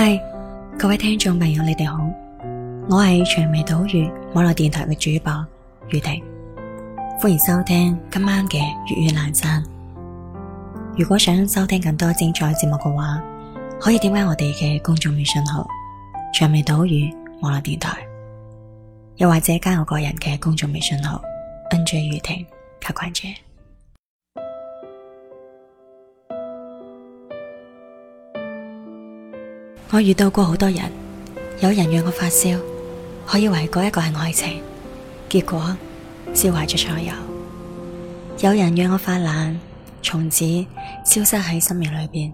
嗨，各位聽眾朋友，你哋好，我係長尾島嶼網絡電台嘅主播雨婷，歡迎收聽今晚嘅粵語冷餐。如果想收聽更多精彩節目嘅話，可以點解我哋嘅公眾微信號長尾島嶼網絡電台，又或者加我個人嘅公眾微信號 nj 雨婷加關注。我遇到過好多人，有人讓我發燒，我以為嗰一個係愛情，結果燒壞咗所有；有人讓我發冷，從此消失喺生命裏邊；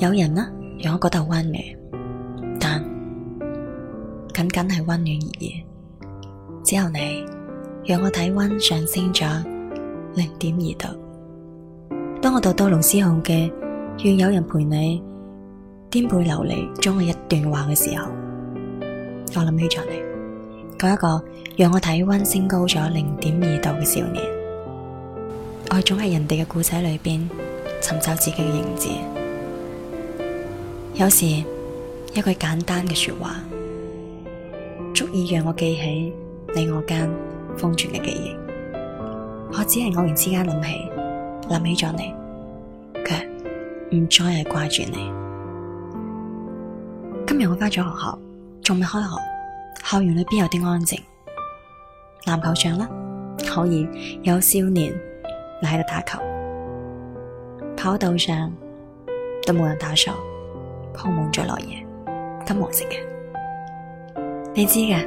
有人呢讓我覺得温暖，但僅僅係温暖而已。只有你讓我體温上升咗零點二度。當我讀到盧思浩嘅《願有人陪你》顛沛流離中嘅一段話嘅時候，我諗起咗你，嗰一個讓我體溫升高咗零點二度嘅少年。我總喺人哋嘅故仔裏邊尋找自己嘅影子，有時一句簡單嘅說話，足以讓我記起你我間封存嘅記憶。我只係偶然之間諗起，諗起咗你，卻唔再係掛住你。今日我返咗學校，仲未開學，校園裏邊有啲安靜。籃球場啦，可以有少年嚟喺度打球，跑道上都冇人打掃，鋪滿咗落葉，金黃色嘅。你知嘅，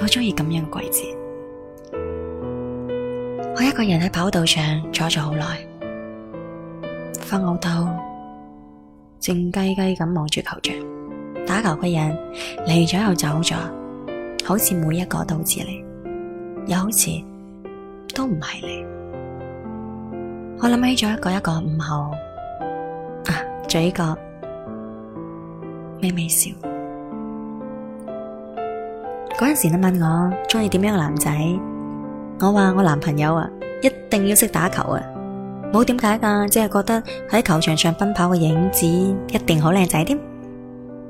我中意咁樣嘅季節。我一個人喺跑道上坐咗好耐，翻好到。靜雞雞咁望住球場，打球嘅人嚟咗又走咗，好似每一個都好似你，又好似都唔係你。我諗起咗一個一個午後，啊，嘴角微微笑。嗰陣時你問我中意點樣嘅男仔，我話我男朋友啊，一定要識打球啊。冇點解噶，即係覺得喺球場上奔跑嘅影子一定好靚仔添。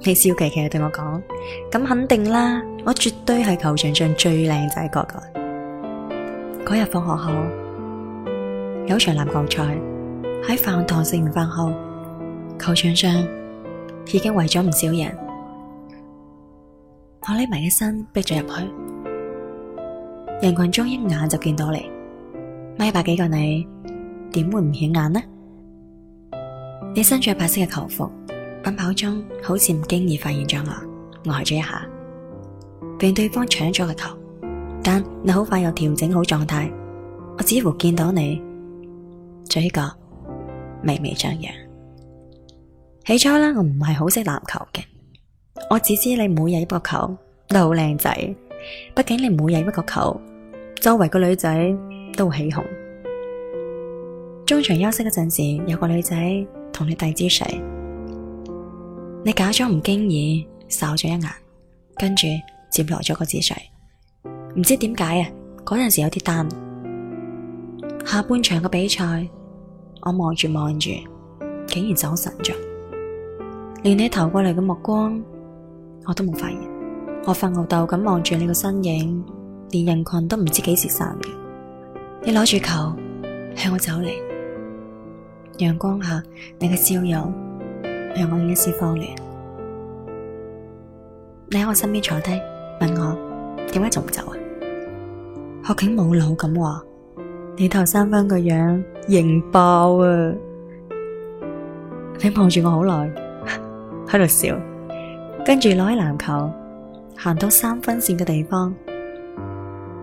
你笑騎騎對我講，咁肯定啦，我絕對係球場上最靚仔嗰個。嗰日放學後有場籃球賽，喺飯堂食完飯後，球場上已經圍咗唔少人。我匿埋一身，逼咗入去，人群中一眼就見到你，米八幾個你。點會唔顯眼呢？你身着白色嘅球服，奔跑中好似唔經意發現咗我，呆咗一下，被對方搶咗個球，但你好快又調整好狀態。我似乎見到你嘴角微微上揚。起初啦，我唔係好識籃球嘅，我只知你每入一個球都好靚仔，畢竟你每入一個球，周圍個女仔都起哄。中場休息嗰陣時，有個女仔同你遞支水，你假裝唔經意，掃咗一眼，跟住接落咗個支水。唔知點解啊？嗰陣時有啲單。下半場嘅比賽，我望住望住，竟然走神咗，連你投過嚟嘅目光我都冇發現。我發吽逗咁望住你個身影，連人群都唔知幾時散嘅。你攞住球向我走嚟。陽光下，你嘅笑容讓我有一絲慌亂。你喺我身邊坐低，問我點解仲唔走啊？學警冇腦咁話，你投三分個樣型爆啊！你望住我好耐，喺度笑，跟住攞起籃球，行到三分線嘅地方，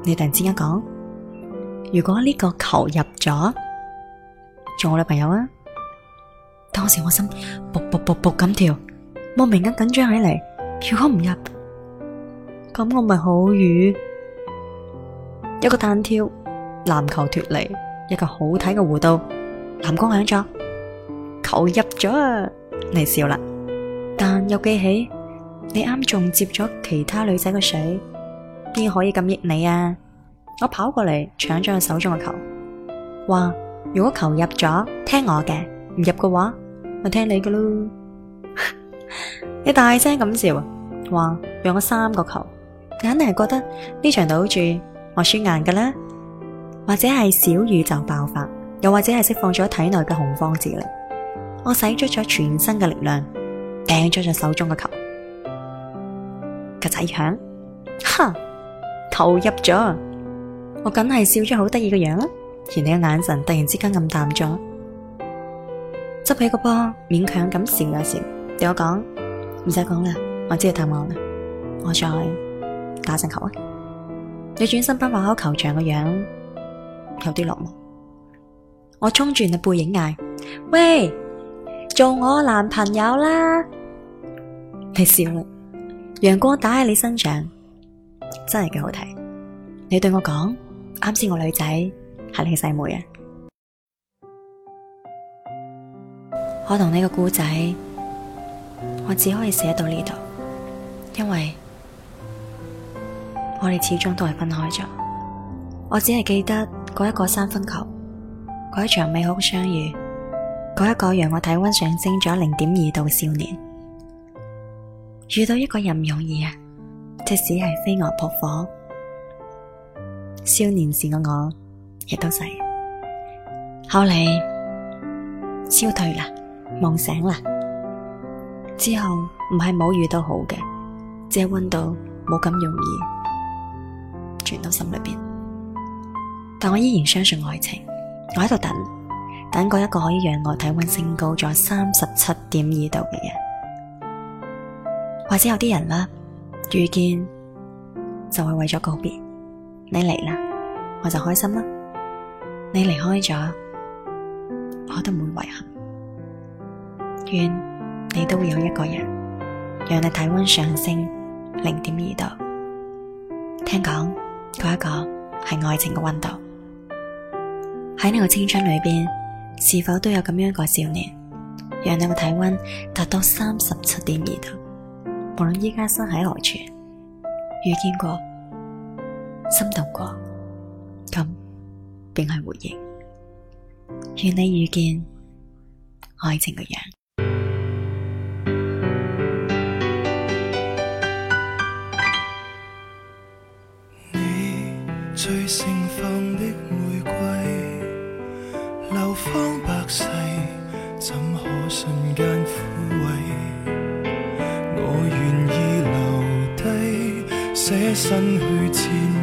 你突然之間講：如果呢個球入咗？做我女朋友啊！當時我心噗噗噗噗咁跳，莫名咁緊張起嚟。如果唔入，咁我咪好瘀。一個彈跳，籃球脫離一個好睇嘅弧度，藍光響咗，球入咗啊！你笑啦，但又記起你啱仲接咗其他女仔嘅水，邊可以咁益你啊？我跑過嚟搶咗佢手中嘅球，話。如果球入咗，聽我嘅；唔入嘅話，我聽你嘅咯。 你大聲咁笑，話讓我三個球，肯定係覺得呢場賭注我輸硬噶啦。或者係小宇宙爆發，又或者係釋放咗體內嘅洪荒之力。我使出咗全身嘅力量，掟出咗手中嘅球，咔嚓一響，哈，球入咗，我梗係笑咗好得意嘅樣啦。而你嘅眼神突然之間暗淡咗，執起個波，勉強咁笑咗笑，對我講，唔使講啦，我知你太忙啦，我再打陣球啊！你轉身奔跑喺球場嘅樣有啲落寞，我衝住你背影嗌：喂，做我男朋友啦！你笑啦，陽光打喺你身上真係幾好睇。你對我講啱先，似我女仔。係你嘅細妹，妹啊！我同你個故仔，我只可以寫到呢度，因為我哋始終都係分開咗。我只係記得嗰一個三分球，嗰一場美好嘅相遇，嗰一個讓我體溫上升咗零點二度嘅少年。遇到一個人唔容易啊，即使係飛蛾撲火，少年時嘅我。亦都係，後嚟消退啦，夢醒啦。之後唔係冇遇到好嘅，只係溫度冇咁容易傳到心裏邊。但我依然相信愛情，我喺度等，等嗰一個可以讓我體溫升高咗三十七點二度嘅人。或者有啲人啦，遇見就係為咗告別，你嚟啦，我就開心啦。你離開咗，我都唔會遺憾。願你都會有一個人，讓你體溫上升零點二度。聽講嗰一個係愛情嘅溫度。喺你個青春裏邊，是否都有咁樣一個少年，讓你個體溫達到三十七點二度？無論依家身喺何處，遇見過，心動過，咁。並係回應，願你遇見愛情嘅人。你最盛放的玫瑰，流芳百世，怎可瞬間枯萎？我願意留低，捨身去踐。